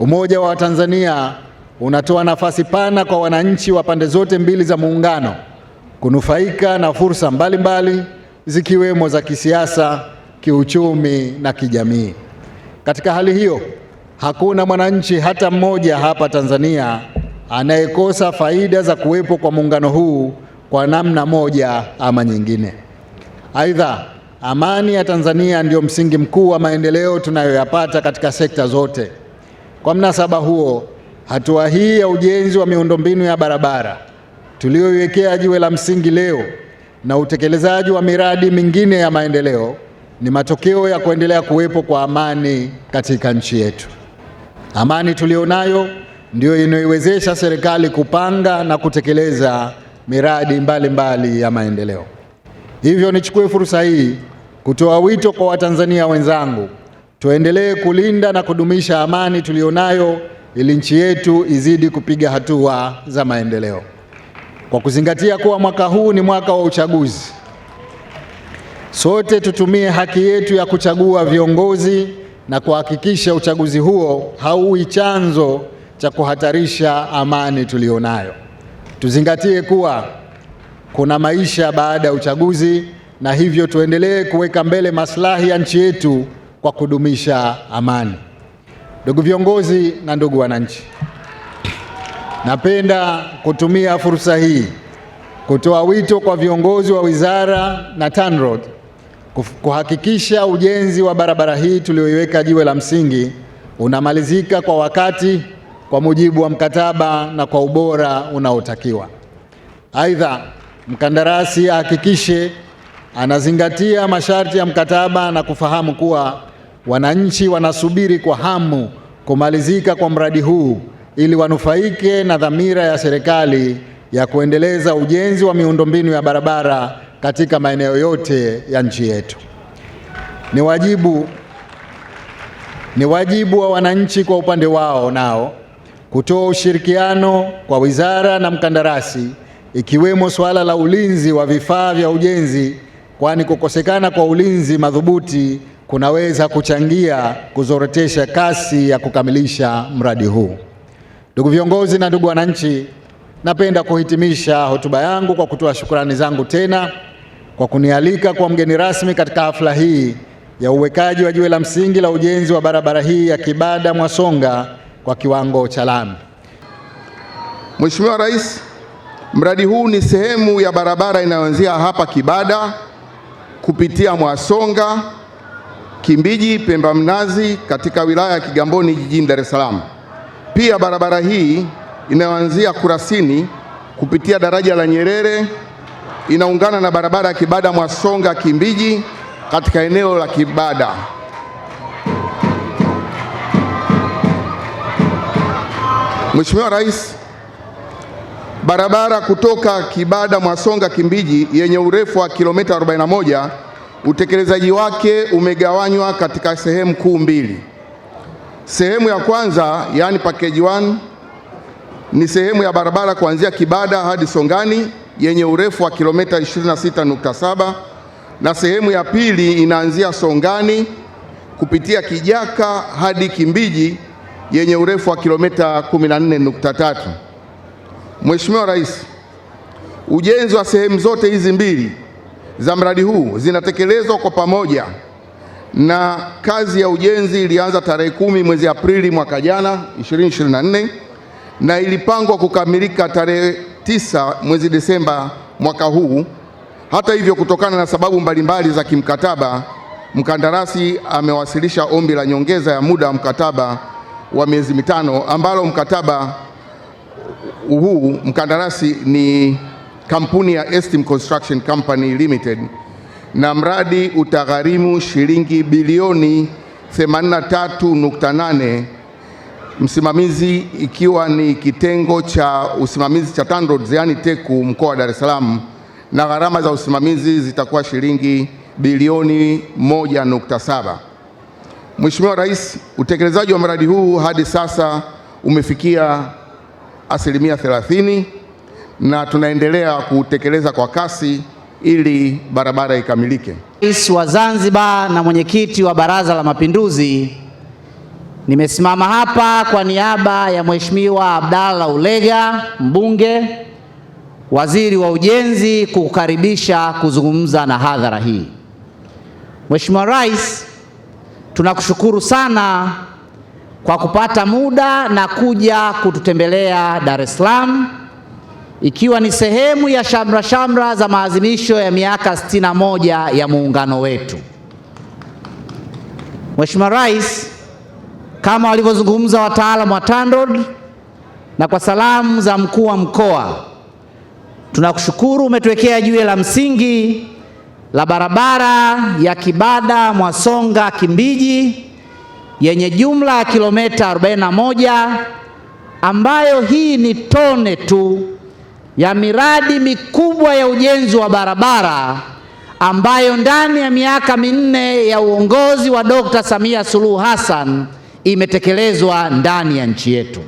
Umoja wa tanzania unatoa nafasi pana kwa wananchi wa pande zote mbili za muungano kunufaika na fursa mbalimbali mbali, zikiwemo za kisiasa, kiuchumi na kijamii. Katika hali hiyo, hakuna mwananchi hata mmoja hapa Tanzania anayekosa faida za kuwepo kwa muungano huu kwa namna moja ama nyingine. Aidha, amani ya Tanzania ndiyo msingi mkuu wa maendeleo tunayoyapata katika sekta zote. Kwa mnasaba huo, hatua hii ya ujenzi wa miundombinu ya barabara tuliyoiwekea jiwe la msingi leo na utekelezaji wa miradi mingine ya maendeleo ni matokeo ya kuendelea kuwepo kwa amani katika nchi yetu. Amani tuliyonayo ndiyo inayoiwezesha serikali kupanga na kutekeleza miradi mbalimbali mbali ya maendeleo. Hivyo nichukue fursa hii kutoa wito kwa Watanzania wenzangu tuendelee kulinda na kudumisha amani tuliyonayo ili nchi yetu izidi kupiga hatua za maendeleo. Kwa kuzingatia kuwa mwaka huu ni mwaka wa uchaguzi, sote tutumie haki yetu ya kuchagua viongozi na kuhakikisha uchaguzi huo hauwi chanzo cha kuhatarisha amani tuliyonayo. Tuzingatie kuwa kuna maisha baada ya uchaguzi, na hivyo tuendelee kuweka mbele maslahi ya nchi yetu kwa kudumisha amani. Ndugu viongozi na ndugu wananchi, napenda kutumia fursa hii kutoa wito kwa viongozi wa wizara na TANROADS kuhakikisha ujenzi wa barabara hii tulioiweka jiwe la msingi unamalizika kwa wakati, kwa mujibu wa mkataba na kwa ubora unaotakiwa. Aidha, mkandarasi ahakikishe anazingatia masharti ya mkataba na kufahamu kuwa Wananchi wanasubiri kwa hamu kumalizika kwa mradi huu ili wanufaike na dhamira ya serikali ya kuendeleza ujenzi wa miundombinu ya barabara katika maeneo yote ya nchi yetu. Ni wajibu, ni wajibu wa wananchi kwa upande wao nao kutoa ushirikiano kwa wizara na mkandarasi, ikiwemo suala la ulinzi wa vifaa vya ujenzi, kwani kukosekana kwa ulinzi madhubuti kunaweza kuchangia kuzorotesha kasi ya kukamilisha mradi huu. Ndugu viongozi na ndugu wananchi, napenda kuhitimisha hotuba yangu kwa kutoa shukrani zangu tena kwa kunialika kwa mgeni rasmi katika hafla hii ya uwekaji wa jiwe la msingi la ujenzi wa barabara hii ya Kibada Mwasonga kwa kiwango cha lami. Mheshimiwa Rais, mradi huu ni sehemu ya barabara inayoanzia hapa Kibada kupitia Mwasonga Kimbiji Pemba Mnazi katika wilaya ya Kigamboni jijini Dar es Salaam. Pia barabara hii inayoanzia Kurasini kupitia daraja la Nyerere inaungana na barabara ya Kibada Mwasonga Kimbiji katika eneo la Kibada. Mheshimiwa Rais, barabara kutoka Kibada Mwasonga Kimbiji yenye urefu wa kilomita 41 Utekelezaji wake umegawanywa katika sehemu kuu mbili. Sehemu ya kwanza, yaani package 1 ni sehemu ya barabara kuanzia Kibada hadi Songani yenye urefu wa kilomita 26.7 na sehemu ya pili inaanzia Songani kupitia Kijaka hadi Kimbiji yenye urefu wa kilomita 14.3. Mheshimiwa Rais, ujenzi wa sehemu zote hizi mbili za mradi huu zinatekelezwa kwa pamoja na kazi ya ujenzi ilianza tarehe kumi mwezi Aprili mwaka jana 2024 na ilipangwa kukamilika tarehe tisa mwezi Desemba mwaka huu. Hata hivyo, kutokana na sababu mbalimbali za kimkataba, mkandarasi amewasilisha ombi la nyongeza ya muda wa mkataba wa miezi mitano ambalo mkataba huu mkandarasi ni kampuni ya Estim Construction Company Limited na mradi utagharimu shilingi bilioni 83.8, msimamizi ikiwa ni kitengo cha usimamizi cha TANROADS yani teku mkoa wa Dar es Salaam, na gharama za usimamizi zitakuwa shilingi bilioni 1.7. Mheshimiwa Rais, utekelezaji wa mradi huu hadi sasa umefikia asilimia 30 na tunaendelea kutekeleza kwa kasi ili barabara ikamilike. Rais wa Zanzibar na mwenyekiti wa Baraza la Mapinduzi, nimesimama hapa kwa niaba ya Mheshimiwa Abdalla Ulega mbunge, waziri wa ujenzi, kukukaribisha kuzungumza na hadhara hii. Mheshimiwa Rais, tunakushukuru sana kwa kupata muda na kuja kututembelea Dar es Salaam ikiwa ni sehemu ya shamra shamra za maadhimisho ya miaka 61 ya muungano wetu. Mheshimiwa Rais, kama walivyozungumza wataalamu wa TANROADS na kwa salamu za mkuu wa mkoa, tunakushukuru umetuwekea jiwe la msingi la barabara ya Kibada Mwasonga Kimbiji yenye jumla ya kilomita 41 ambayo hii ni tone tu ya miradi mikubwa ya ujenzi wa barabara ambayo ndani ya miaka minne ya uongozi wa Dkt. Samia Suluhu Hassan imetekelezwa ndani ya nchi yetu.